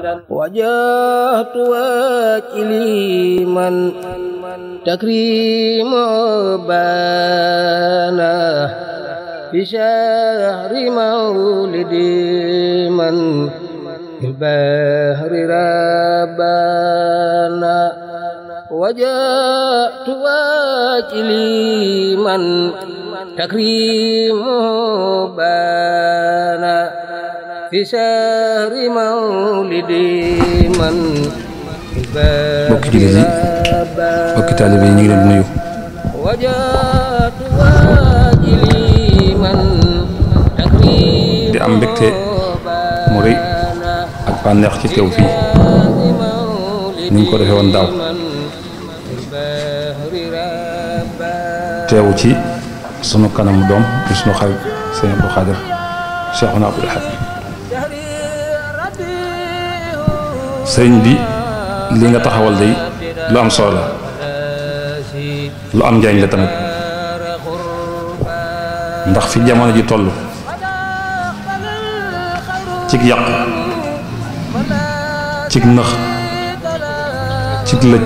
wajah tua kiliman takrim bana di syahri maulidiman bahri rabbana wajah tua kiliman takrim bana fi shahri mawlidi man bokki jullit yi bokki taalibe yi ñu ngi leen di nuyu di am mbégte mu rëy ak bànneex ci teew fii ni ñu ko defee daaw teew ci sunu kanamu doom di sunu xarit Sëñ Abdou Khadir Cheikhouna Abdoul Ahad sëñ bi li nga taxawal day lu am solo la lu am njariñ la tamit ndax fi jamono ji toll cig yàq cig nax cig lëj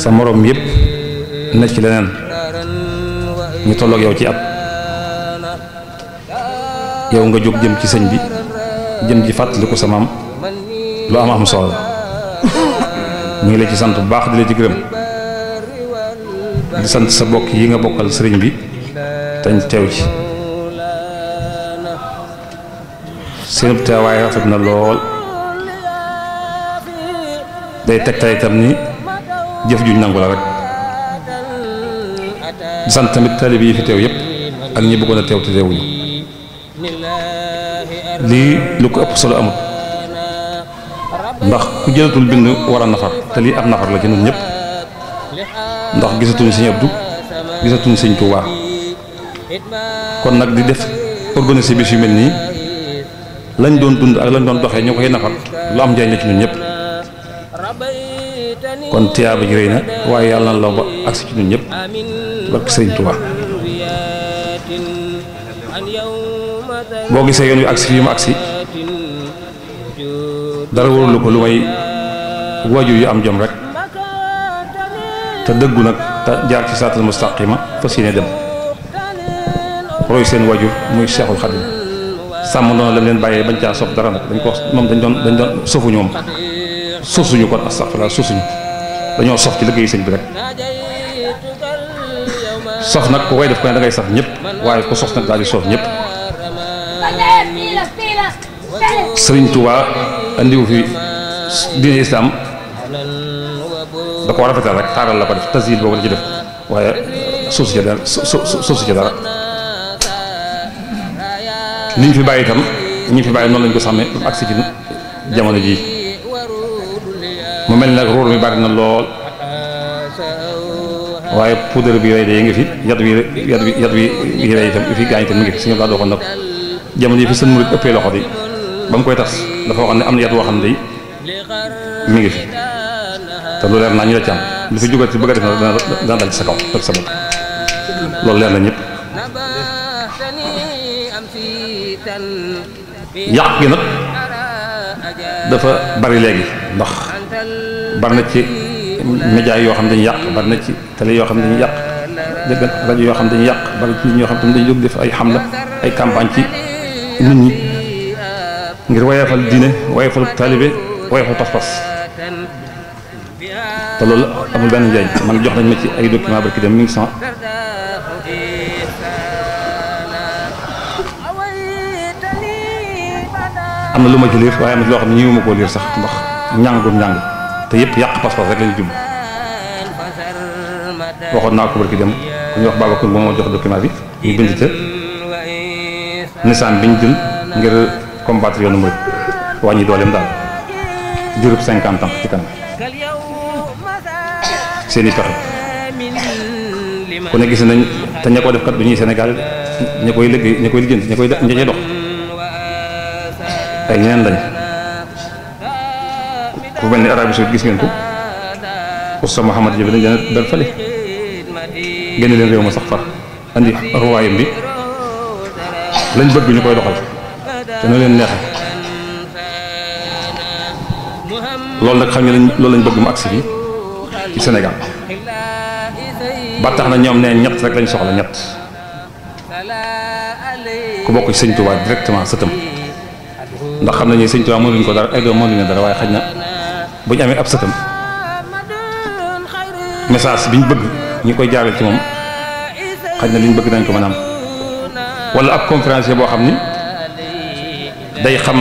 sa moroom yépp nekk ci leneen ñu tolloog yow ci at yow nga jóg jëm ci sëñ bi jëm ji fàttaliku sa maam lu am am solo ñu ngi leen ci sant bu baax di la ci gërëm di sant sa bokk yi nga bokkal sëriñ bi tañ teew ci seen teewaay rafet na lool day tegtal itam ni jëf juñ nangu la rek di sant tamit taalib yi fi teew yépp ak ñu bëggoon teew te teewuñu li lu ko ëpp solo amul ndax ku jëlatul bind war a nafar te lii ab nafar la ci ñun ñëpp ndax gisatuñ sëñ Abdu gisatuñ sëñ Tuubaa kon nag di def organisé bi yu mel nii lañ doon dund ak lañ doon doxee ñu koy nafar lu am njëriñ la ci ñun ñëpp kon tiyaaba ji rëy na waaye yàlla na la ba agsi ci ñun ñëpp barke sëñ Tuubaa boo gisee yoon wi agsi fii mu agsi dara warulu ko lu may waajur yu am jom rek te dëggu nag te jaar ci saatal mustaqima fas yéene dem roy seen waajur muy Seexul Xadim sàmm noonu la leen bàyyee bañ caa sof dara nag dañ ko moom dañ doon dañ doon sofuñu moom suuf suñu kon astafurlah suuf suñu dañoo sof ci liggéey sëñ bi rek sof nag ku koy def ko ne da ngay saf ñëpp waaye ko sof nag daal di soof ñëpp سرين توبا عندي في دين الاسلام داكو رافتال رك تارال لا با داف تزيل بوكو نجي داف واي سوسي دا سوسي دا ني في باي تام ني في باي نون لنجو سامي اكسي جي جامانو جي مو مل نا رور مي بارنا لول واي بودر بي ويدي ياغي في ياد وي ياد وي ياد وي ياد وي ياد وي ياد وي ياد وي ياد وي ياد وي ياد وي ياد وي ياد وي ياد وي ياد وي ياد وي ba mu koy tas dafa waxoon ne am na yat woo xam ne mi ngi fi te lu leer naa ñu la ci am li fi jógal ci bëgg a def dana dal ci sa kaw na ñëpp yàq gi nag dafa bari léegi ndax bari na ci média yoo xam dañuy yàq bari na ci télé yoo xam dañuy yàq dégg yoo xam dañuy yàq bari ci nit ñoo xam tamit dañuy jóg def ay xamla ay campagne ci nit ñi ngir woyefal diine woyefal talibé woyefal pas ta lol amul ben jey man jox nañ ma ci ay document barki dem mi ngi sama am na lu ma ci liir waaye am na loo xam ne ñëwuma koo sax ndax njàng ñang te yëpp pass pass rek lañu ñu jub na ko barki dem ñu wax Babacar ba mo jox document bi ñu bindi te nisaan biñu jël ngir. combattre yoonu murit wàññi dooleem daal jurub cinquante ans ci kanam seen i ne gis nañ te ña ko def kat du ñuy Sénégal ña koy liggéey ña koy lijjanti ña koy ña dox ay ñeneen lañ ku mel ni Arabie gis ngeen ko Oustaz Mouhamad Diop dañ leen dal fële génn leen réew ma sax far andi ruwaayam bi lañ bëgg ñu koy doxal. te na leen neexe loolu nag xam ne lañ loolu lañ bëgg mu agsi fi ci Sénégal ba tax na ñoom ne ñett rek lañ soxla ñett ku bokk ci sëñ Touba directement sëtam ndax xam nañu sëñ Touba mënuñ ko dara ay doom mënuñ dara waaye xaj na bu ñu amee ab sëtam message bi ñu bëgg ñi koy jaarale ci moom xaj na li bëgg dañ ko mën a am wala ab conférence boo xam ni. day xam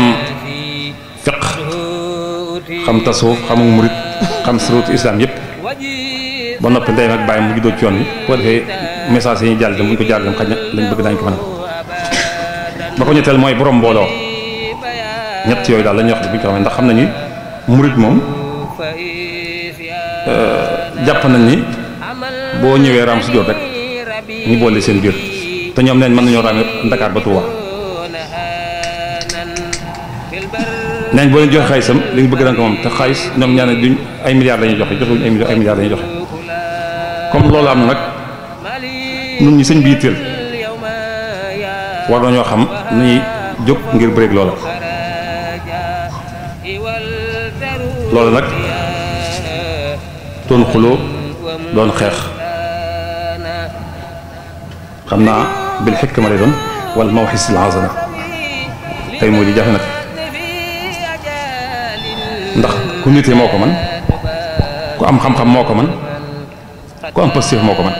fiq xam tasawuf xamul murit xam suruutu islam yëpp ba noppi ndeyam ak bàyyi mu juddoo ci yoon bi boo defee message yi ñu jàll dem bu ñu ko jàll dem xaj na lañ bëgg daañu ko mën a mooy borom mbooloo ñett yooyu daal la ñuy wax ndax xam nañu murit moom euh, jàpp nañ ni boo ñëwee raam si jóor rek ñu boole seen biir te ñoom neen mën nañoo raam Ndakaar ba Tuuba nañ bo len jox xaalisam li nga bëgg dank mom moom te ñom ñaan ñaane duñ ay milliards lañu ñuy joxe joxuñ ay millions ay milliards lañu ñuy joxe comme loolu am nak nag nun ñi sëñ bi yitteel war nañu xam ni jóg ngir break loolu loolu nak ton xulo doon xex xamna bil hikma lay doon wala mawxis al azama tay mo di jafe nag ku nite moo ko man ku am xam-xam moo ko man ku am positif moo ko man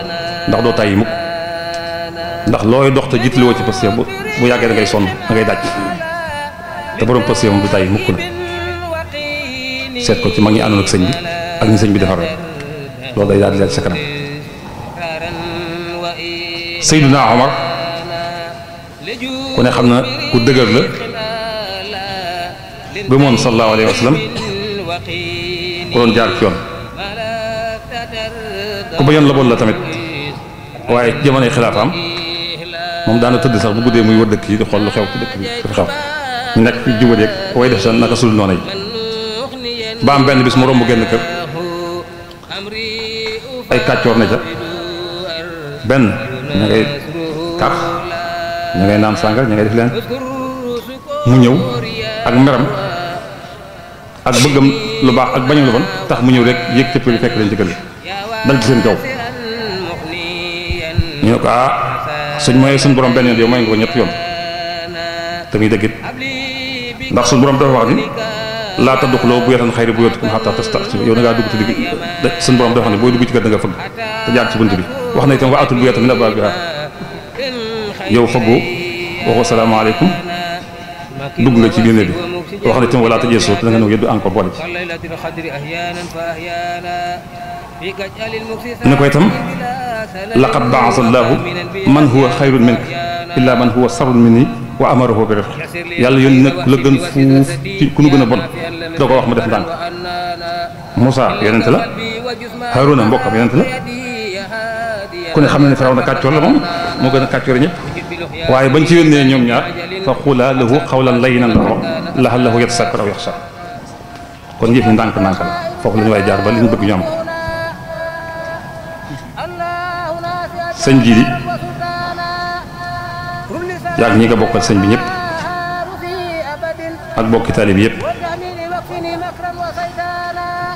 ndax doo tàyyi mukk ndax looy dox te jiitlu woo ci positif bu bu yàggee da ngay sonn da ngay daj te borom positif moom du tàyyi mukk na seet ko ci mag ñi àndoon ak sëñ bi ak ñi sëñ bi defar loolu day daal di laaj sa kanam Seydina Omar ku ne xam na ku dëgër la gëmoon sallallahu alayhi wa sallam ku doon jaar ci yoon ku bañoon laboon la tamit waaye jamonoy xilaafaam moom daana tëdd sax bu guddee muy wër dëkk yi di xool lu xew ci dëkk bi fi xew ñu nekk fi juba yeeg way def sa naka sul noonu yi ba am benn bis mu romb génn kër ay kàccoor ne ca benn ñu ngay kaf ñu ngay naan sàngal ñu ngay def leen mu ñëw ak meram ak bëggam lu baax ak bañ lu bon tax mu ñëw rek yëg cëpp li fekk leen ci kër gi dal ci seen kaw ñu ne ko ah suñ mooy suñ borom benn yoon yow nga ko ñett yoon te muy dëggit ndax suñ borom dafa wax ni laa tadduxloo bu yatan xayri bu yatikum xataa tastasi yow da ngaa dugg ci digg suñ borom dafa wax ne booy dugg ci kër da fëgg te jaar ci bunt bi wax na itam wa atul bu yata min abwaabiha yow fëggu waxu salaamaaleykum دغنا سي دين بي وخني تم ولا تجسو دا نغي دو انكو بول نكوي تم لقد بعث الله من هو خير منك الا من هو شر مني وامره برفق يالا يوني نك لا گن فوف كونو گنا بون داكو واخ ما داف دان موسى يونت لا هارون مبوكم يونت لا كوني خامن فراونا كاتيو لا موم مو گنا كاتيو ري ني واي بانتي يوني نيوم ñaar fa qulaa lahu qawlan layyinan la'allahu yatazakkaru aw yaxsha kon yëf yi ndànk-ndànk la foofu la ñu waaye jaar ba li ñu bëgg ñu am ko sëñ ji di yaag ñi nga bokkal sëñ bi ñëpp ak bokki taalib yëpp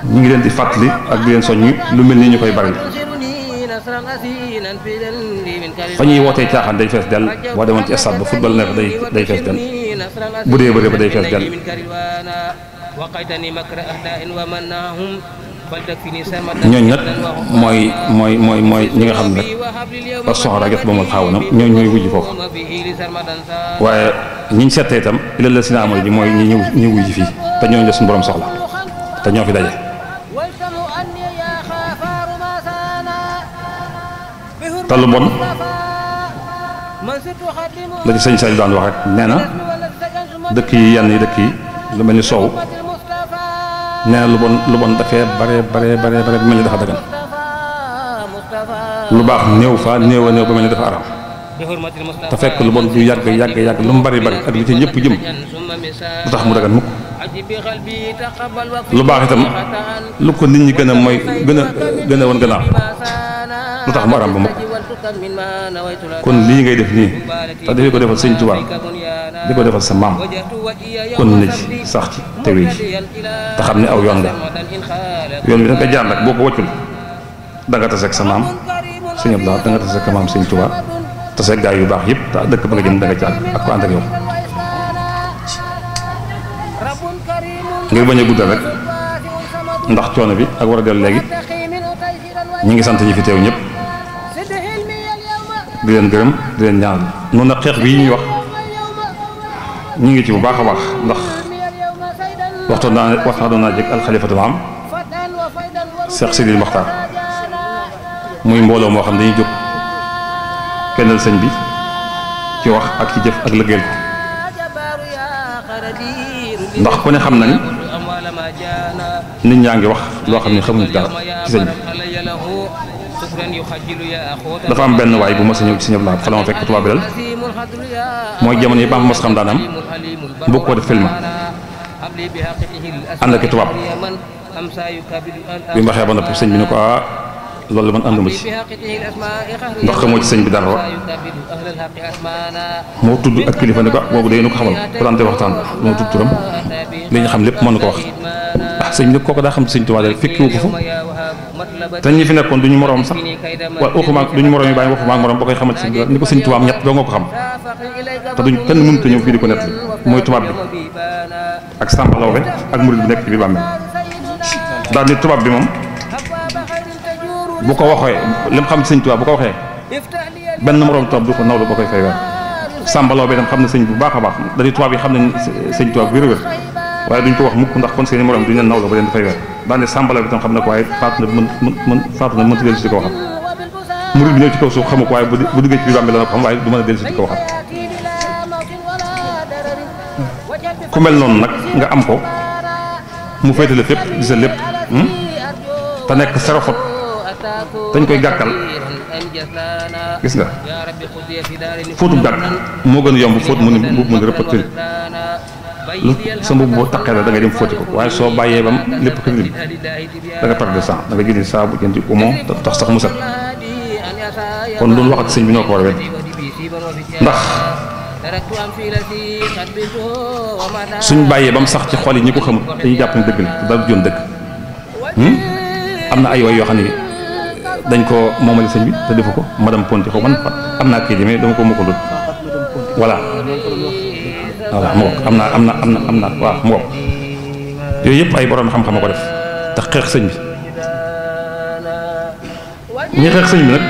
ñu ngi leen di fàttali ak di leen soññ lu mel ni ñu koy bari fa ñuy wootee caaxaan day fees dell boo demoon ci stade ba football neex day day fees dell bu dee bëri ba day fees dell ñooñu nag mooy mooy mooy mooy ñi nga xam ne ba soxora jot ba mu xaw na ñooñu ñooy wujj foofu waaye ñiñ settee itam ilal la si na amal ji mooy ñi ñëw ñi wujj fii te ñooñu la suñu borom soxla te ñoo fi daje te lu bon la ci sëñ Saaliw daan wax rek nee na dëkk yi yenn yi dëkk yi lu mel ni soow nee na lu bon lu bon dafee bare bare bare bare bu mel ni dafa dagan lu baax néew fa néew a néew ba mel ni dafa aram te fekk lu bon du yàgg yàgg yàgg lu mu bari bari ak li ci ñëpp jëm du tax mu dagan mukk lu baax itam lu ko nit ñi gën a mooy gën a gën a woon gannaaw lutax tax ma ràmb kon li ngay def ni ta def ko defal seigne touba diko defal sa mam kon ni sax ci tewee ci te xam aw yoon nga yoon bi da nga jaan nak boko waccul da nga taseeg sa mam seigne abdou da nga taseeg mam seigne touba Tuubaa gaay yu bax yeb ta dekk ba nga jëm da nga jaan ak ko ànd ak yow ngir baña guddal rek ndax coono bi ak wara del legi ñi ngi sant ñi fi teew ñep dilen gërëm dilen ñaan noonu na xex bi ñi wax ñi ngi ci bu baax a baax ndax waxtaan naa na jek al khalifatu am cheikh Sidil Maxtaar muy mbolo mo xam dañuy jóg kenal sëñ bi ci wax ak ci jëf ak leggel ndax ku ne xam nañ nit ñaa ngi wax loo xam ne xamuñ dara ci sëñ bi dafa am benn waay bu ma sa ñëw ci sëñ Abdou Lahad fa la ma fekk tubaab bi dal mooy jamono yi ba mos xam daanam bëgg ko def film ànd ak tubaab bi mu waxee ba noppi sëñ bi ne ko ah loolu man ànduma ci ndax xamoo ci sëñ bi dara moo tudd ak kilifan ne ko ah boobu day nu ko xamal bu waxtaan moo tudd turam li ñu xam lépp mën ko wax. sëñ bi nag kooku daa xam sëñ Tuubaa rek fekkiwu ko fa ñi fi nekkoon duñu moroom sax waaye waxuma duñu moroom yi bàyyi waxuma ak moroom boo koy xamal sëñ bi ni ko sëñ Tuubaa ko xam a ñëw fii di ko nett mooy tubaab bi ak Samba Lawbe ak murid bi nekk ci biir tubaab bi moom bu ko waxee lim xam sëñ Tuubaa bu ko waxee benn moroom tubaab du ko nawlu ba koy fay weer Samba Lawbe xam na sëñ bu baax a baax dañuy tubaab yi xam nañ sëñ Tuubaa wér-wér waaye duñ ko wax mukk ndax kon seen i morom duñ leen naw la ba leen dafay weer daane sàmbala bi tam xam na ko waaye faatu na mën mën faatu na di ko waxat murid bi ñëw ci kaw suuf xamu waaye bu duggee ci biir bàmmeel xam waaye du mën a dellusi di ko waxat mel noonu nag nga am ko mu féetale fépp di sa lépp hmm? te nekk serofot dañ koy gàkkal gis nga fóotu gàkk moo gën a yomb fóot mu ni mu ni lu sa mbubb taqee la da ngay dem fóoti ko waaye soo bàyyee bam lépp ko lim da nga perte de sang da nga jëndi saabu tax sax mu set kon ak sëñ ko war a bàyyee ba mu sax ci xol yi ñi ko xamul dañuy jàpp ne dëgg la dara joon dëgg hmm? am na ay way yoo xam ne dañ ko moom sëñ bi te defu ko madame Ponti xaw man am naa kii demee dama ko mokkalul voilà voilà mu am naa am na am na am na waaw mu bokk yooyu yëpp ay borom xam-xam a ko def te xeex sëñ bi ñi xeex sëñ bi nag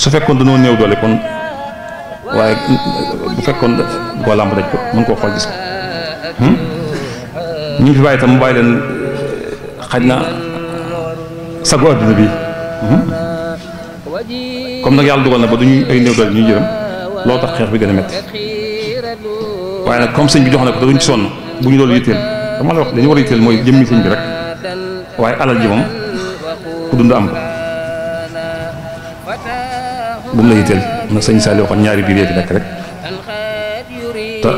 su fekkoon dañoo néew doole kon waaye bu fekkoon bu ko làmb daj ko mën koo xool gis ko ñu fi bàyyi tam mu bàyyi leen xaj na sago adduna bi comme nag yàlla dugal na ba du ñuy ay néew doole ñuy jërëm loo tax xeex bi gën a métti waaye nag comme sëñ bi jox na ko te duñ sonn bu ñu loolu yitteel dama la wax dañu war a yitteel mooy jëmmi sëñ bi rek waaye alal ji moom ku dund am ko bu mu la yitteel na sëñ Saliou waxoon ñaari biir bi nekk rek te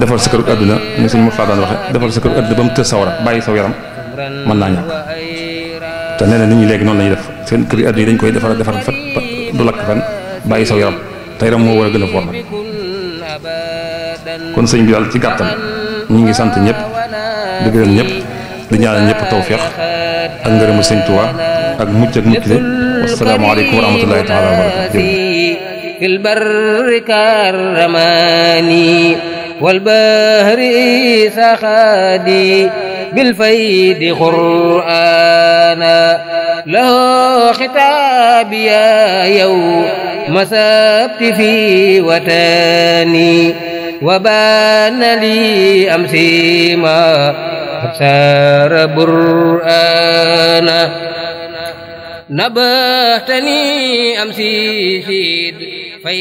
defal sa këru àdduna ni sëñ Moussa daan waxe defal sa këru àdduna ba mu tës sawara bàyyi saw yaram mën naa ñàkk te nee na nit ñi léegi noonu lañuy def seen këru àdduna yi dañ koy defar defar fet du lakk fenn bàyyi saw yaram تيرم هو ورجل فورم كن سين بيال توفيق أنجر مسين توا أجمد أجمد والسلام عليكم ورحمة الله تعالى وبركاته البر كرماني والبهر سخادي بالفيد قرآنا له خطاب يا يوم مسبت في وتاني وبان لي أمسي ما أبصار برآنا نبهتني أمسي